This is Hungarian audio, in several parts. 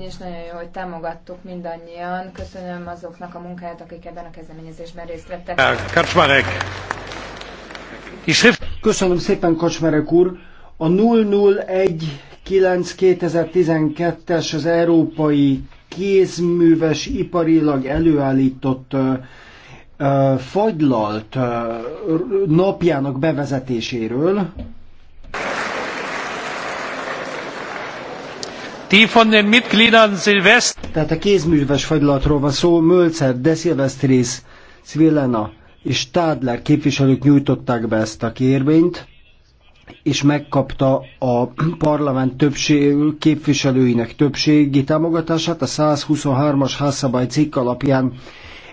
és nagyon jó, hogy támogattuk mindannyian. Köszönöm azoknak a munkáját, akik ebben a kezdeményezésben részt vettek. Kacsmarek. Köszönöm szépen, Kacsmarek úr. A 0019 2012 es az európai kézműves iparilag előállított fagylalt napjának bevezetéséről, Die von den Mitgliedern Tehát a kézműves fagylatról van szó, Mölzer, De Silvestris, Svillena és Stadler képviselők nyújtották be ezt a kérvényt, és megkapta a parlament többség, képviselőinek többségi támogatását a 123-as házszabály cikk alapján.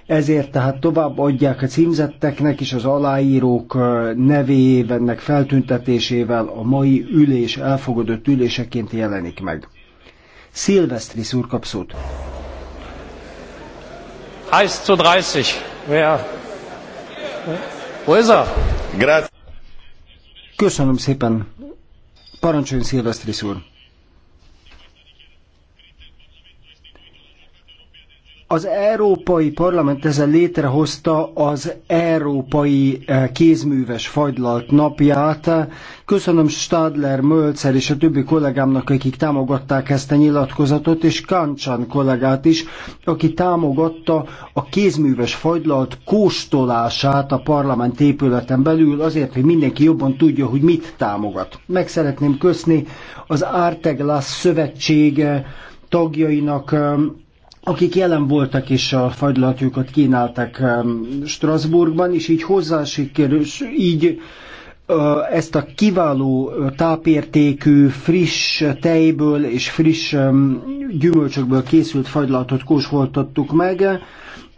Ezért tehát tovább adják a címzetteknek és az aláírók nevévennek feltüntetésével a mai ülés elfogadott üléseként jelenik meg. Szilvesztri szurkapszót. kap 1 zu 30. Wer? Wo ist er? Grazie. Köszönöm szépen. Parancsoljon Szilvesztri szurkapszót. Az Európai Parlament ezzel létrehozta az Európai eh, Kézműves Fagylalt napját. Köszönöm Stadler, Mölcer és a többi kollégámnak, akik támogatták ezt a nyilatkozatot, és Kancsan kollégát is, aki támogatta a kézműves fagylalt kóstolását a parlament épületen belül, azért, hogy mindenki jobban tudja, hogy mit támogat. Meg szeretném köszni az Árteglász Szövetség eh, tagjainak eh, akik jelen voltak és a fagylatjukat kínáltak um, Strasbourgban, és így hozzásikerül, így ezt a kiváló tápértékű, friss tejből és friss um, gyümölcsökből készült fagylatot kósoltattuk meg,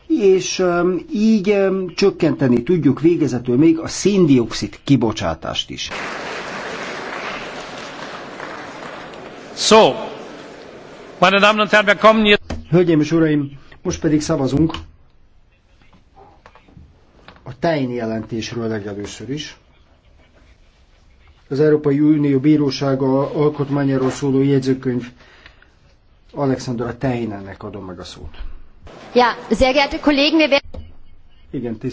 és um, így csökkenteni tudjuk végezetül még a széndiokszid kibocsátást is. So, meine Damen und Herren, wir kommen jetzt Hölgyeim és uraim, most pedig szavazunk a Tein jelentésről legelőször is. Az Európai Unió Bírósága alkotmányáról szóló jegyzőkönyv Alexandra Teinennek adom meg a szót. Ja, sehr geehrte Kollegen, wir werden... Igen,